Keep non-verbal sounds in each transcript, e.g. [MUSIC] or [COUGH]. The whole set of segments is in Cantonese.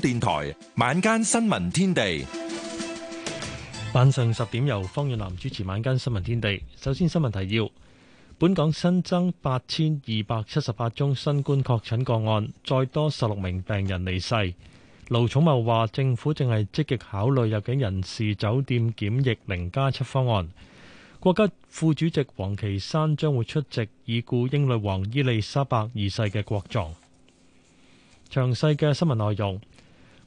電台晚間新聞天地，晚上十點由方遠南主持。晚間新聞天地，首先新聞提要：本港新增八千二百七十八宗新冠確診個案，再多十六名病人離世。盧寵茂話，政府正係積極考慮入境人士酒店檢疫零加七方案。國家副主席王岐山將會出席已故英女王伊利莎白二世嘅國葬。詳細嘅新聞內容。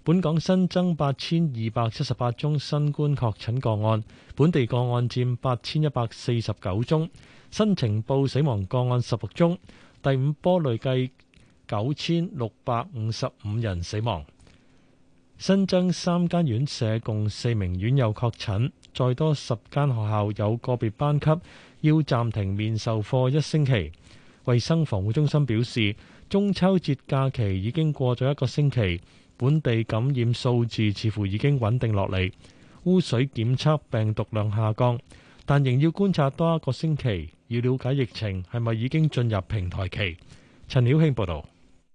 本港新增八千二百七十八宗新冠確診個案，本地個案佔八千一百四十九宗，新呈報死亡個案十六宗，第五波累計九千六百五十五人死亡。新增三間院舍共四名院友確診，再多十間學校有個別班級要暫停面授課一星期。衛生防護中心表示，中秋節假期已經過咗一個星期。本地感染數字似乎已經穩定落嚟，污水檢測病毒量下降，但仍要觀察多一個星期，要了解疫情係咪已經進入平台期。陳曉卿報道。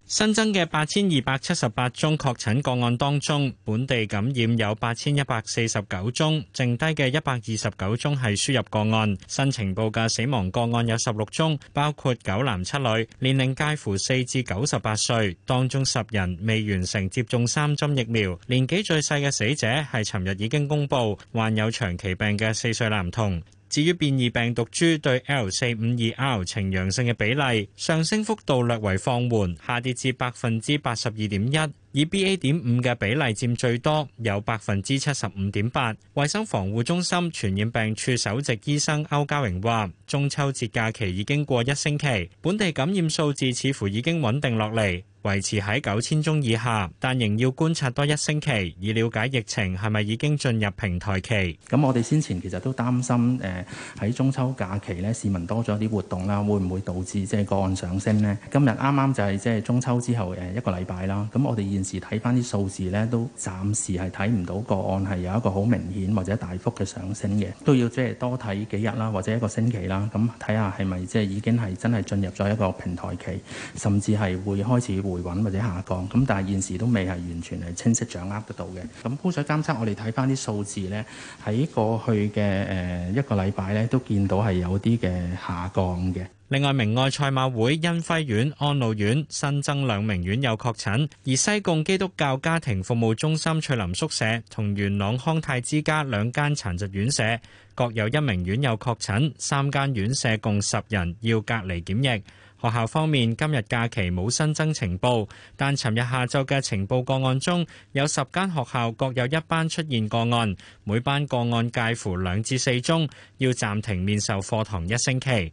新增嘅八千二百七十八宗確診個案當中，本地感染有八千一百四十九宗，剩低嘅一百二十九宗係輸入個案。新呈報嘅死亡個案有十六宗，包括九男七女，年齡介乎四至九十八歲，當中十人未完成接種三針疫苗。年紀最細嘅死者係尋日已經公布患有長期病嘅四歲男童。至於變異病毒株對 L 四五二 R 呈陽性嘅比例，上升幅度略為放緩，下跌至百分之八十二點一。以 B.A. 點五嘅比例佔最多，有百分之七十五點八。衞生防護中心傳染病處首席醫生歐家榮話，中秋節假期已經過一星期，本地感染數字似乎已經穩定落嚟，維持喺九千宗以下，但仍要觀察多一星期，以了解疫情係咪已經進入平台期。咁我哋先前其實都擔心，誒、呃、喺中秋假期咧，市民多咗啲活動啦，會唔會導致即係個案上升呢？今日啱啱就係即係中秋之後誒一個禮拜啦，咁我哋現時睇翻啲數字咧，都暫時係睇唔到個案係有一個好明顯或者大幅嘅上升嘅，都要即係多睇幾日啦，或者一個星期啦，咁睇下係咪即係已經係真係進入咗一個平台期，甚至係會開始回穩或者下降。咁但係現時都未係完全係清晰掌握得到嘅。咁污水監測，我哋睇翻啲數字咧，喺過去嘅誒一個禮拜咧，都見到係有啲嘅下降嘅。另外，明愛賽馬會恩輝院、安老院新增兩名院友確診，而西貢基督教家庭服務中心翠林宿舍同元朗康泰之家兩間殘疾院舍各有一名院友確診，三間院舍共十人要隔離檢疫。學校方面今日假期冇新增呈報，但尋日下晝嘅呈報個案中有十間學校各有一班出現個案，每班個案介乎兩至四宗，要暫停面授課堂一星期。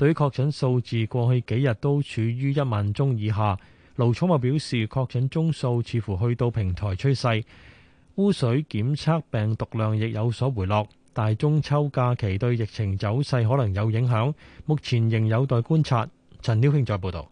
對於確診數字，過去幾日都處於一萬宗以下。盧寵茂表示，確診宗數似乎去到平台趨勢，污水檢測病毒量亦有所回落。大中秋假期對疫情走勢可能有影響，目前仍有待觀察。陳了興再報道。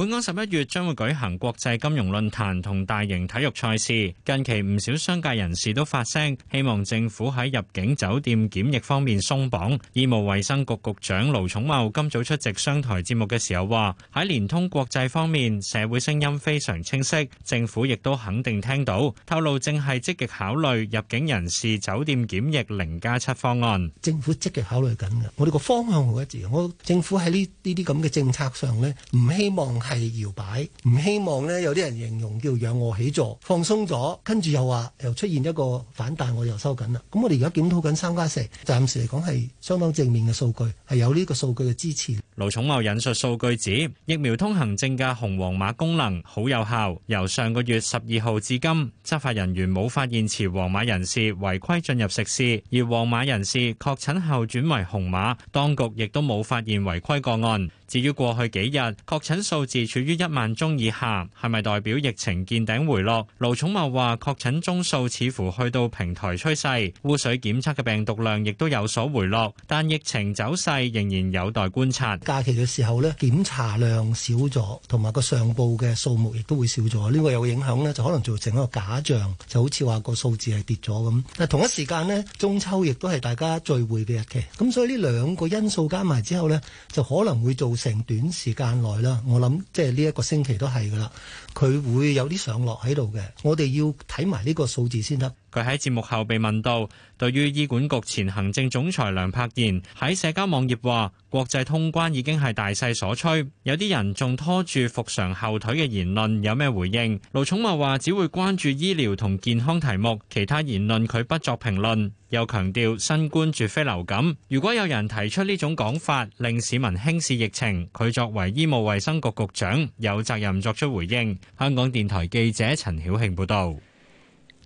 本港十一月將會舉行國際金融論壇同大型體育賽事，近期唔少商界人士都發聲，希望政府喺入境酒店檢疫方面鬆綁。醫務衛生局局長盧寵茂今早出席商台節目嘅時候話：喺聯通國際方面，社會聲音非常清晰，政府亦都肯定聽到，透露正係積極考慮入境人士酒店檢疫零加七方案。政府積極考慮緊㗎，我哋個方向好一致。我政府喺呢呢啲咁嘅政策上呢，唔希望。係搖擺，唔希望呢有啲人形容叫仰臥起坐，放鬆咗，跟住又話又出現一個反彈，我又收緊啦。咁我哋而家檢討緊三加四，4，暫時嚟講係相當正面嘅數據，係有呢個數據嘅支持。盧寵茂引述數據指，疫苗通行證嘅紅黃碼功能好有效。由上個月十二號至今，執法人員冇發現持黃碼人士違規進入食肆，而黃碼人士確診後轉為紅碼，當局亦都冇發現違規個案。至於過去幾日確診數字處於一萬宗以下，係咪代表疫情見頂回落？盧寵茂話：確診宗數似乎去到平台趨勢，污水檢測嘅病毒量亦都有所回落，但疫情走勢仍然有待觀察。假期嘅時候呢，檢查量少咗，同埋個上報嘅數目亦都會少咗，呢個有影響呢，就可能造成一個假象，就好似話個數字係跌咗咁。但同一時間呢，中秋亦都係大家聚會嘅日期，咁所以呢兩個因素加埋之後呢就可能會造成短時間內啦，我諗即係呢一個星期都係噶啦，佢會有啲上落喺度嘅，我哋要睇埋呢個數字先得。佢喺節目後被問到，對於醫管局前行政總裁梁柏賢喺社交網頁話國際通關已經係大勢所趨，有啲人仲拖住復常後腿嘅言論有咩回應？盧寵茂話只會關注醫療同健康題目，其他言論佢不作評論。又強調新冠絕非流感，如果有人提出呢種講法令市民輕視疫情，佢作為醫務衛生局局長有責任作出回應。香港電台記者陳曉慶報導。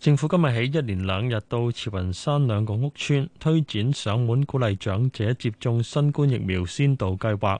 政府今日起一連兩日到慈雲山兩個屋邨推展上門鼓勵長者接種新冠疫苗先導計劃。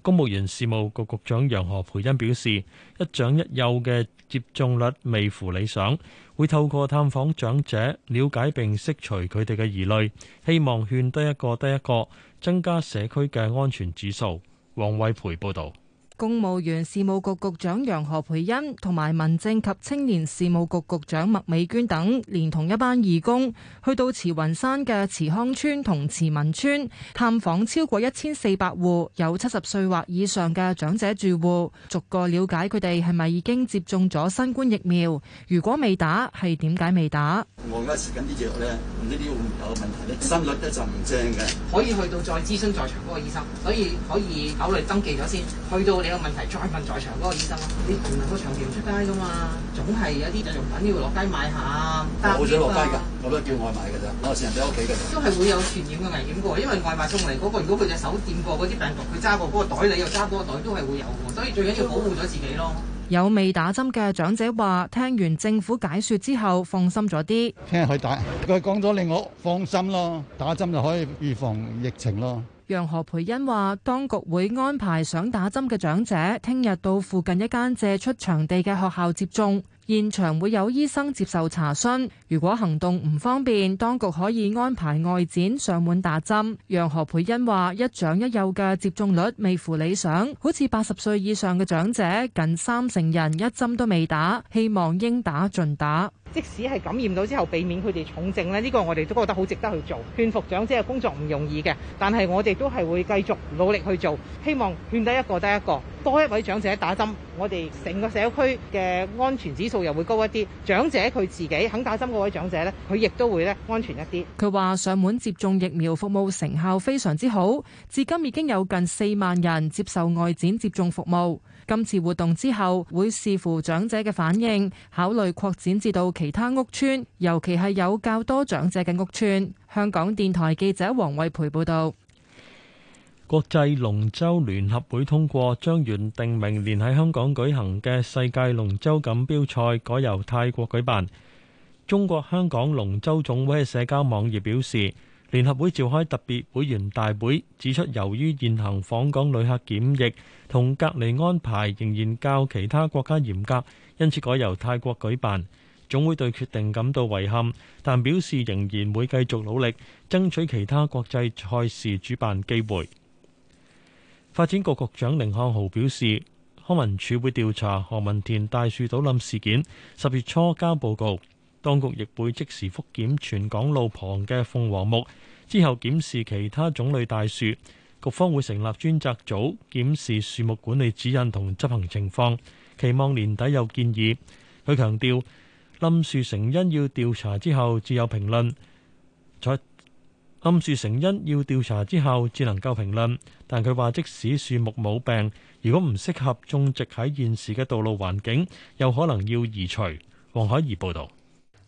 公務員事務局局長楊何蓓茵表示，一長一幼嘅接種率未符理想，會透過探訪長者了解並釋除佢哋嘅疑慮，希望勸得一個得一個，增加社區嘅安全指數。王偉培報導。公務員事務局局長楊何培恩同埋民政及青年事務局局長麥美娟等，連同一班義工，去到慈雲山嘅慈康村同慈民村探訪超過一千四百戶有七十歲或以上嘅長者住戶，逐個了解佢哋係咪已經接種咗新冠疫苗，如果未打係點解未打。我而家食緊啲藥咧，唔知啲會有問題咧，心率咧就唔正嘅。可以去到再諮詢在場嗰個醫生，所以可以考慮登記咗先，去到你，有問題再問在場嗰個醫生咯。你唔能夠長期唔出街噶嘛，總係有啲日用品要落街買下，單邊啊嘛。冇錢落街㗎，我都係叫外賣㗎咋，我成日喺屋企嘅。都係會有傳染嘅危險㗎，因為外賣送嚟嗰個，如果佢隻手掂過嗰啲病毒，佢揸過嗰個袋，你又揸嗰個袋，都係會有㗎。所以最緊要保護咗自己咯。有未打針嘅長者話：聽完政府解説之後，放心咗啲。聽日去打，佢講咗令我放心咯，打針就可以預防疫情咯。楊何蓓茵話：當局會安排想打針嘅長者，聽日到附近一間借出場地嘅學校接種。現場會有醫生接受查詢，如果行動唔方便，當局可以安排外展上門打針。楊何佩欣話：一長一幼嘅接種率未符理想，好似八十歲以上嘅長者，近三成人一針都未打，希望應打盡打。即使係感染到之後避免佢哋重症呢，呢、呢個我哋都覺得好值得去做。勸服長者嘅工作唔容易嘅，但係我哋都係會繼續努力去做，希望勸得一個得一個。多一位長者打針，我哋成個社區嘅安全指數又會高一啲。長者佢自己肯打針，嗰位長者呢，佢亦都會咧安全一啲。佢話：上門接種疫苗服務成效非常之好，至今已經有近四萬人接受外展接種服務。今次活動之後，會視乎長者嘅反應，考慮擴展至到其他屋邨，尤其係有較多長者嘅屋邨。香港電台記者黃慧培報道。國際龍舟聯合會通過將原定明年喺香港舉行嘅世界龍舟錦標賽改由泰國舉辦。中國香港龍舟總會喺社交網頁表示，聯合會召開特別會員大會，指出由於現行訪港旅客檢疫同隔離安排仍然較其他國家嚴格，因此改由泰國舉辦。總會對決定感到遺憾，但表示仍然會繼續努力，爭取其他國際賽事主辦機會。發展局局長甯漢豪表示，康文署會調查何文田大樹倒冧事件，十月初交報告。當局亦會即時復檢全港路旁嘅鳳凰木，之後檢視其他種類大樹。局方會成立專責組檢視樹木管理指引同執行情況，期望年底有建議。佢強調，冧樹成因要調查之後，自有評論。在暗樹成因要調查之後，至能夠評論。但佢話，即使樹木冇病，如果唔適合種植喺現時嘅道路環境，有可能要移除。黃海怡報導。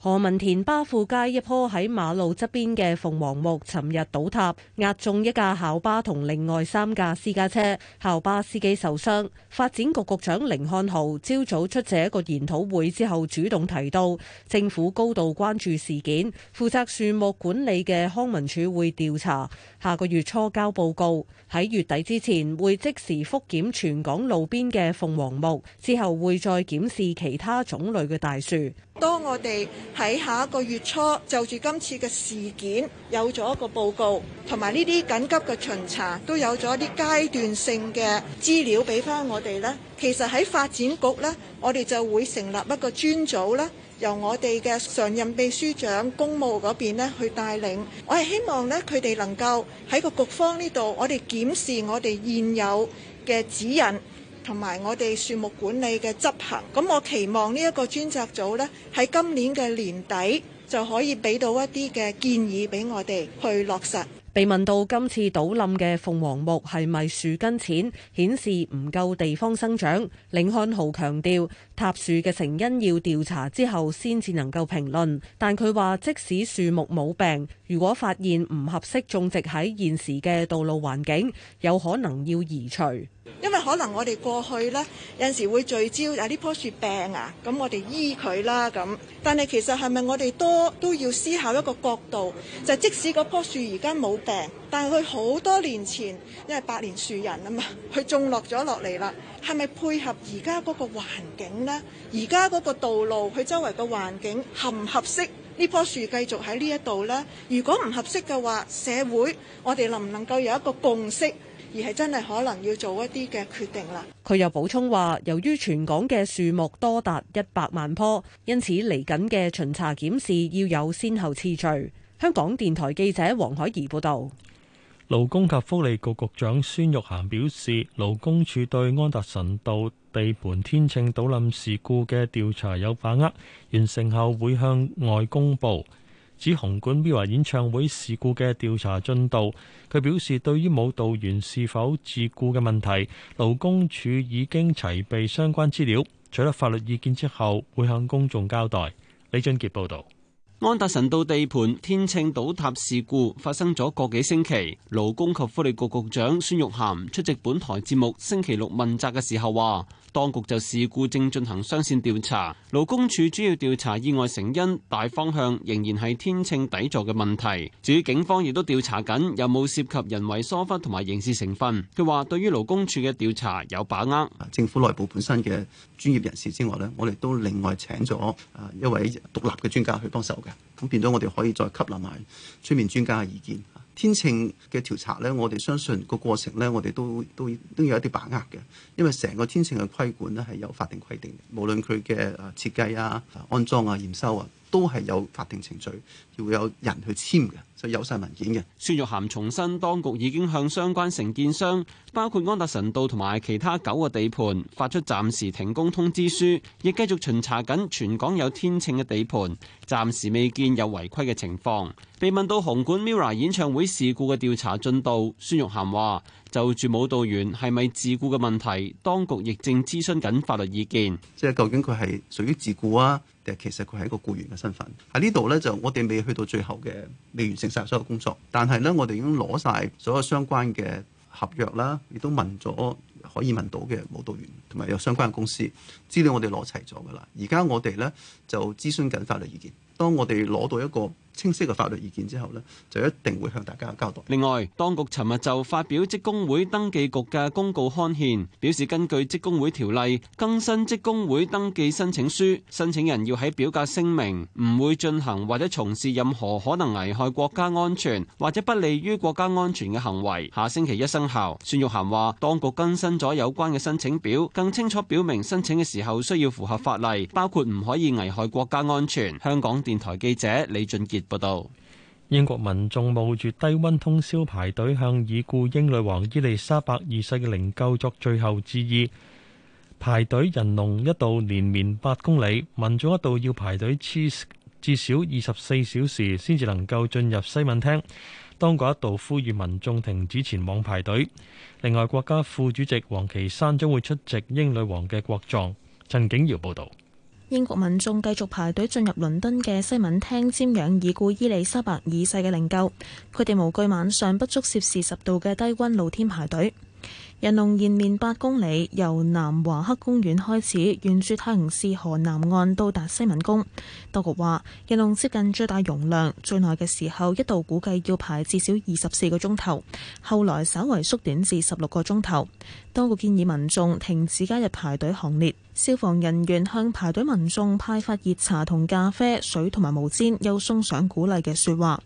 何文田巴富街一棵喺馬路側邊嘅鳳凰木尋日倒塌，壓中一架校巴同另外三架私家車，校巴司機受傷。發展局局長甯漢豪朝早出席一個研討會之後，主動提到政府高度關注事件，負責樹木管理嘅康文署會調查，下個月初交報告，喺月底之前會即時復檢全港路邊嘅鳳凰木，之後會再檢視其他種類嘅大樹。當我哋喺下一個月初就住今次嘅事件有咗一個報告，同埋呢啲緊急嘅巡查都有咗一啲階段性嘅資料俾翻我哋呢，其實喺發展局呢，我哋就會成立一個專組呢，由我哋嘅常任秘書長公務嗰邊呢去帶領。我係希望呢，佢哋能夠喺個局方呢度，我哋檢視我哋現有嘅指引。同埋我哋樹木管理嘅執行，咁我期望呢一個專責組咧喺今年嘅年底就可以俾到一啲嘅建議俾我哋去落實。被問到今次倒冧嘅鳳凰木係咪樹根淺，顯示唔夠地方生長，梁漢豪強調。塌樹嘅成因要調查之後先至能夠評論，但佢話即使樹木冇病，如果發現唔合適種植喺現時嘅道路環境，有可能要移除。因為可能我哋過去呢，有陣時會聚焦啊呢棵樹病啊，咁我哋醫佢啦咁。但係其實係咪我哋多都，都要思考一個角度，就是，即使嗰棵樹而家冇病，但係佢好多年前因為百年樹人啊嘛，佢種落咗落嚟啦。係咪配合而家嗰個環境呢？而家嗰個道路，佢周圍個環境合唔合適呢棵樹繼續喺呢一度呢？如果唔合適嘅話，社會我哋能唔能夠有一個共識，而係真係可能要做一啲嘅決定啦？佢又補充話：由於全港嘅樹木多達一百萬棵，因此嚟緊嘅巡查檢視要有先後次序。香港電台記者黃海怡報道。勞工及福利局局長孫玉菡表示，勞工處對安達臣道地盤天秤倒冧事故嘅調查有把握，完成後會向外公佈。指紅館 MIRROR 演唱會事故嘅調查進度，佢表示對於舞蹈員是否自僱嘅問題，勞工處已經齊備相關資料，取得法律意見之後會向公眾交代。李俊傑報導。安達臣道地盤天秤倒塌事故發生咗個幾星期，勞工及福利局局長孫玉菡出席本台節目星期六問責嘅時候話。當局就事故正進行雙線調查，勞工處主要調查意外成因，大方向仍然係天秤底座嘅問題。至於警方亦都調查緊有冇涉及人為疏忽同埋刑事成分。佢話對於勞工處嘅調查有把握。政府內部本身嘅專業人士之外，呢我哋都另外請咗啊一位獨立嘅專家去幫手嘅，咁變咗我哋可以再吸納埋出面專家嘅意見。天秤嘅調查咧，我哋相信個過程咧，我哋都都都要有一啲把握嘅，因為成個天秤嘅規管咧係有法定規定嘅，無論佢嘅設計啊、安裝啊、驗收啊，都係有法定程序，要有人去簽嘅，所以有晒文件嘅。孫玉涵重申，當局已經向相關承建商，包括安達臣道同埋其他九個地盤，發出暫時停工通知書，亦繼續巡查緊全港有天秤嘅地盤，暫時未見有違規嘅情況。被問到紅館 MIRROR 演唱會事故嘅調查進度，孫玉涵話就住舞蹈員係咪自僱嘅問題，當局亦正諮詢緊法律意見。即係究竟佢係屬於自僱啊？其實佢係一個僱員嘅身份喺呢度呢，就我哋未去到最後嘅未完成晒所有工作，但係呢，我哋已經攞晒所有相關嘅合約啦，亦都問咗可以問到嘅舞蹈員同埋有，有相關嘅公司資料我，我哋攞齊咗噶啦。而家我哋呢，就諮詢緊法律意見，當我哋攞到一個清晰嘅法律意見之後呢，就一定會向大家交代。另外，當局尋日就發表職工會登記局嘅公告刊憲，表示根據職工會條例更新職工會登記申請書，申請人要喺表格聲明唔會進行或者從事任何可能危害國家安全或者不利於國家安全嘅行為，下星期一生效。孫玉菡話，當局更新咗有關嘅申請表，更清楚表明申請嘅時候需要符合法例，包括唔可以危害國家安全。香港電台記者李俊傑。報道：英國民眾冒住低溫通宵排隊，向已故英女王伊麗莎白二世嘅靈柩作最後致意。排隊人龍一度連綿八公里，民眾一度要排隊至少二十四小時，先至能夠進入西敏廳。當局一度呼籲民眾停止前往排隊。另外，國家副主席王岐山將會出席英女王嘅國葬。陳景堯報道。英國民眾繼續排隊進入倫敦嘅西敏廳，瞻仰已故伊利沙伯二世嘅靈柩。佢哋無懼晚上不足攝氏十度嘅低溫，露天排隊。人龍延綿八公里，由南華克公園開始，沿住泰晤士河南岸，到達西敏宮。當局話人龍接近最大容量，最耐嘅時候一度估計要排至少二十四個鐘頭，後來稍為縮短至十六個鐘頭。當局建議民眾停止加入排隊行列。消防人員向排隊民眾派發熱茶同咖啡、水同埋毛氈，又送上鼓勵嘅説話。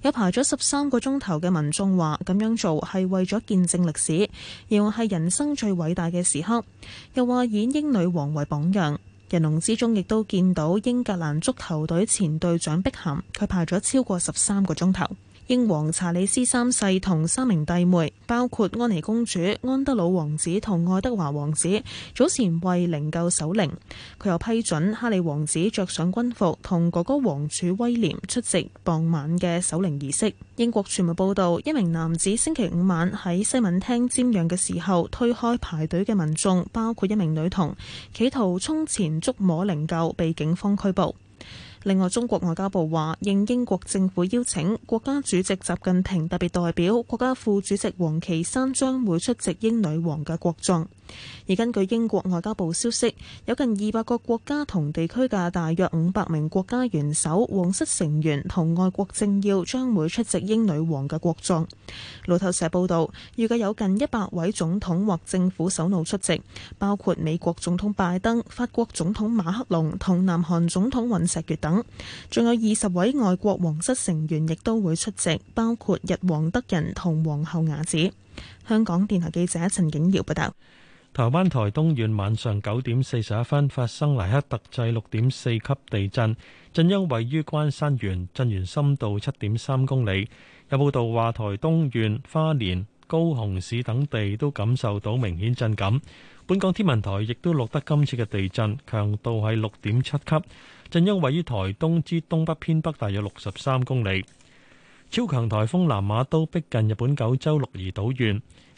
有排咗十三個鐘頭嘅民眾話：咁樣做係為咗見證歷史，亦話係人生最偉大嘅時刻。又話以英女王為榜樣。人龍之中，亦都見到英格蘭足球隊前隊長碧咸，佢排咗超過十三個鐘頭。英王查理斯三世同三名弟妹，包括安妮公主、安德魯王子同愛德華王子，早前為靈柩守靈。佢又批准哈利王子着上軍服，同哥哥王儲威廉出席傍晚嘅守靈儀式。英國傳媒報道，一名男子星期五晚喺西敏廳瞻仰嘅時候，推開排隊嘅民眾，包括一名女童，企圖衝前捉摸靈柩，被警方拘捕。另外，中國外交部話，應英國政府邀請，國家主席習近平特別代表、國家副主席王岐山將會出席英女王嘅國葬。而根據英國外交部消息，有近二百個國家同地區嘅大約五百名國家元首、皇室成員同外國政要將會出席英女王嘅國葬。路透社報導，預計有近一百位總統或政府首腦出席，包括美國總統拜登、法國總統馬克龍同南韓總統尹錫悅等。仲有二十位外國皇室成員亦都會出席，包括日皇德仁同皇后雅子。香港電台記者陳景耀報道。台灣台東縣晚上九點四十一分發生黎克特制六點四級地震，震央位於關山縣，震源深度七點三公里。有報道話，台東縣花蓮、高雄市等地都感受到明顯震感。本港天文台亦都錄得今次嘅地震，強度係六點七級，震央位於台東之東北偏北大約六十三公里。超強台風南瑪都逼近日本九州鹿兒島縣。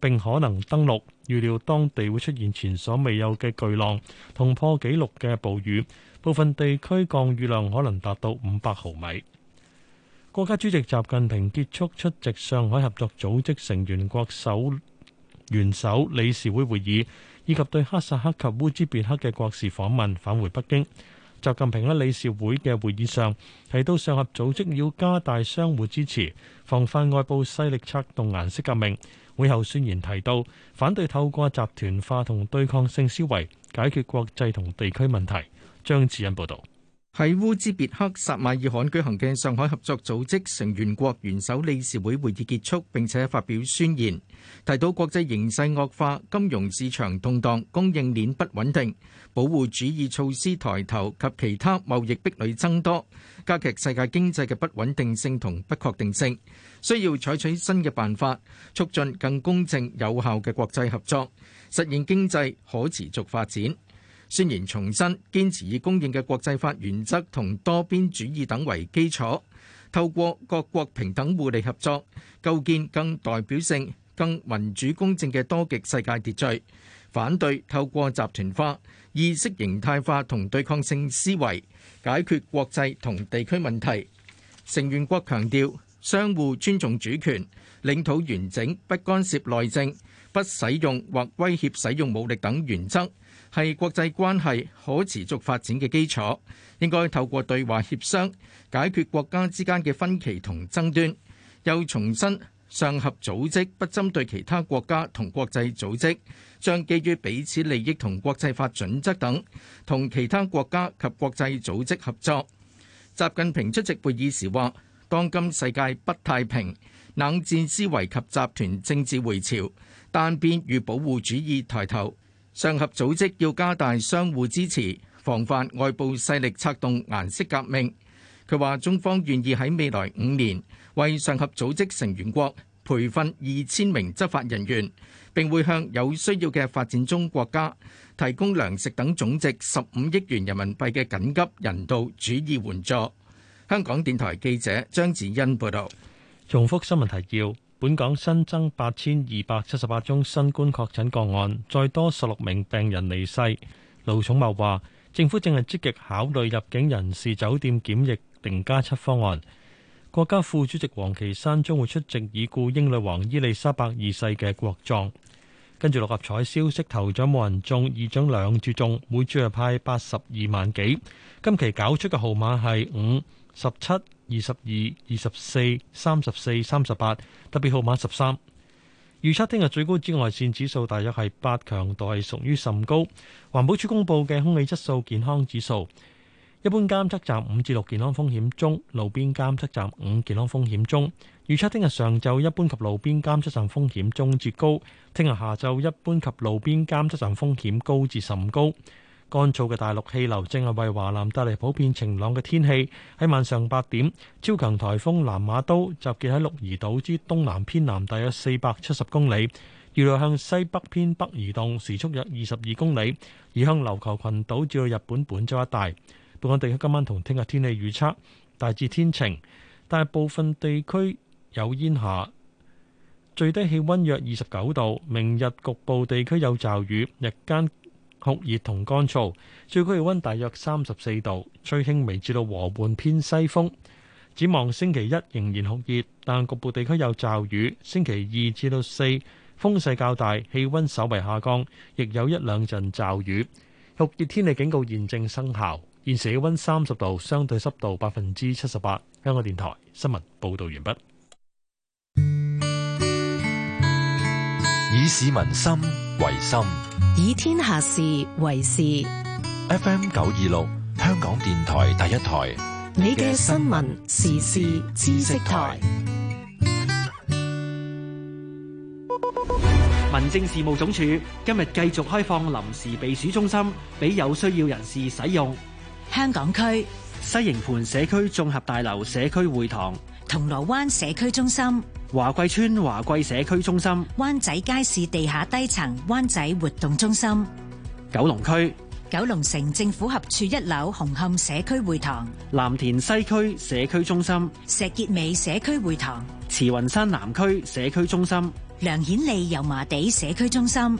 並可能登陸，預料當地會出現前所未有嘅巨浪同破紀錄嘅暴雨，部分地區降雨量可能達到五百毫米。國家主席習近平結束出席上海合作組織成員國首元首理事會會議，以及對哈薩克及烏茲別克嘅國事訪問，返回北京。習近平喺理事會嘅會議上提到，上合組織要加大相互支持，防範外部勢力策動顏色革命。會後宣言提到，反對透過集團化同對抗性思維解決國際同地區問題。張志恩報導。喺烏茲別克薩馬爾罕舉行嘅上海合作組織成員國元首理事會會議結束，並且發表宣言，提到國際形勢惡化、金融市場動盪、供應鏈不穩定、保護主義措施抬頭及其他貿易壁壘增多，加劇世界經濟嘅不穩定性同不確定性，需要採取新嘅辦法，促進更公正有效嘅國際合作，實現經濟可持續發展。宣言重申，堅持以公認嘅國際法原則同多邊主義等為基礎，透過各國平等互利合作，構建更代表性、更民主公正嘅多極世界秩序。反對透過集團化、意識形態化同對抗性思維，解決國際同地區問題。成員國強調相互尊重主權、領土完整、不干涉內政、不使用或威脅使用武力等原則。係國際關係可持續發展嘅基礎，應該透過對話協商解決國家之間嘅分歧同爭端。又重申，上合組織不針對其他國家同國際組織，將基於彼此利益同國際法準則等，同其他國家及國際組織合作。習近平出席會議時話：當今世界不太平，冷戰思維及集團政治回潮，單邊與保護主義抬頭。上合組織要加大相互支持，防範外部勢力策動顏色革命。佢話：中方願意喺未來五年為上合組織成員國培訓二千名執法人員，並會向有需要嘅發展中國家提供糧食等總值十五億元人民幣嘅緊急人道主義援助。香港電台記者張子欣報道，重複新聞提要。本港新增八千二百七十八宗新冠確診個案，再多十六名病人離世。盧寵茂話，政府正係積極考慮入境人士酒店檢疫定加七方案。國家副主席王岐山將會出席已故英女王伊麗莎白二世嘅國葬。跟住六合彩消息，頭獎冇人中，二獎兩注中，每注就派八十二萬幾。今期搞出嘅號碼係五、十七、二十二、二十四、三十四、三十八，特別號碼十三。預測聽日最高紫外線指數大約係八，強度屬於甚高。環保署公布嘅空氣質素健康指數。一般監測站五至六健康風險中，路邊監測站五健康風險中。預測聽日上晝一般及路邊監測站風險中至高，聽日下晝一般及路邊監測站風險高至甚高。乾燥嘅大陸氣流正係為華南帶嚟普遍晴朗嘅天氣。喺晚上八點，超強颱風南馬都集結喺鹿兒島之東南偏南大約四百七十公里，預料向西北偏北移動，時速約二十二公里，移向琉球群島至到日本本州一帶。本港地區今晚同聽日天氣預測，大致天晴，但係部分地區有煙霞。最低氣溫約二十九度。明日局部地區有驟雨，日間酷熱同乾燥，最高氣溫大約三十四度，吹輕微至到和緩偏西風，展望星期一仍然酷熱，但局部地區有驟雨。星期二至到四風勢較大，氣溫稍為下降，亦有一兩陣驟雨。酷熱天氣警告現正生效。現時嘅溫三十度，相對濕度百分之七十八。香港電台新聞報道完畢。以市民心為心，以天下事為事。FM 九二六，香港電台第一台。你嘅新聞時事知識台。民政事務總署今日繼續開放臨時避暑中心，俾有需要人士使用。、香港區、西營盤社區綜合大樓社區會堂、銅鑼灣社區中心、華貴村華貴社區中心、灣仔街市地下低層灣仔活動中心、九龍區、九龍城政府合署一樓紅磡社區會堂、藍田西區社區中心、石硤尾社區會堂、慈雲山南區社區中心、梁顯利油麻地社區中心、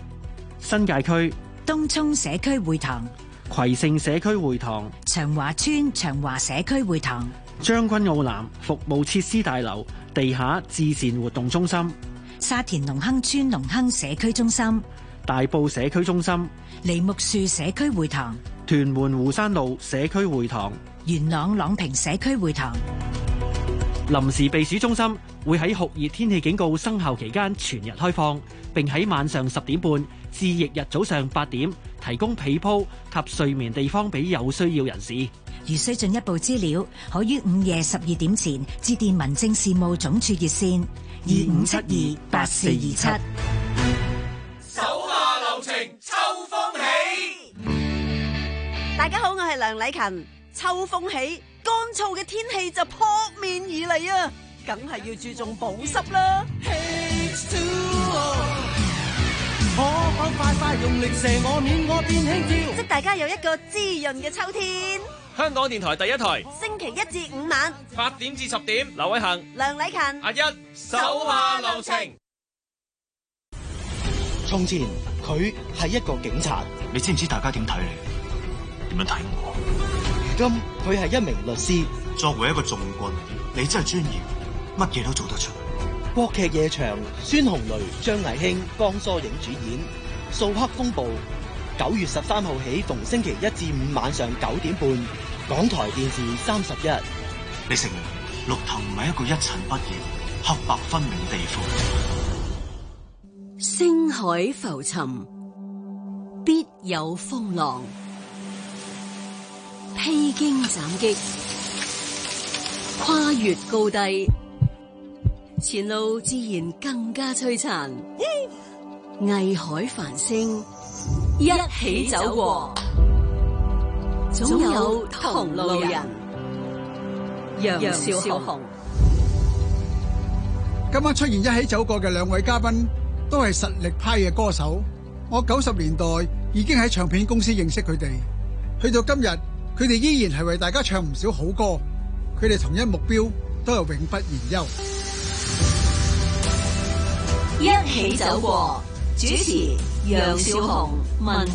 新界區東涌社區會堂。葵盛社區會堂、長華村長華社區會堂、將軍澳南服務設施大樓地下至善活動中心、沙田隆亨村隆亨社區中心、大埔社區中心、梨木樹社區會堂、屯門湖山路社區會堂、元朗朗平社區會堂、臨時避暑中心會喺酷熱天氣警告生效期間全日開放，並喺晚上十點半至翌日早上八點。提供被鋪及睡眠地方俾有需要人士。如需進一步資料，可於午夜十二點前致電民政事務總署熱線二五七二八四二七。手下留情，秋風起。大家好，我係梁禮勤。秋風起，乾燥嘅天氣就撲面而嚟啊，梗係要注重保濕啦。祝大家有一個滋潤嘅秋天。香港電台第一台，星期一至五晚八點至十點。劉偉恒、梁禮勤、阿一手下留情。從前佢係一個警察，你知唔知大家點睇你？點樣睇我？如今佢係一名律師。作為一個訟棍，你真係專業，乜嘢都做得出。國劇夜場，孫紅雷、張藝興、江疏影主演。掃黑風暴九月十三號起，逢星期一至五晚上九點半，港台電視三十一。你承認綠藤唔係一個一塵不染、黑白分明嘅地方。星海浮沉，必有風浪；披荊斬棘，跨越高低，前路自然更加璀璨。 [LAUGHS] 藝海繁星，一起走過，總有同路人。楊少紅，今晚出現一起走過嘅兩位嘉賓，都係實力派嘅歌手。我九十年代已經喺唱片公司認識佢哋，去到今日，佢哋依然係為大家唱唔少好歌。佢哋同一目標，都係永不言休。一起走過。主持楊小紅問。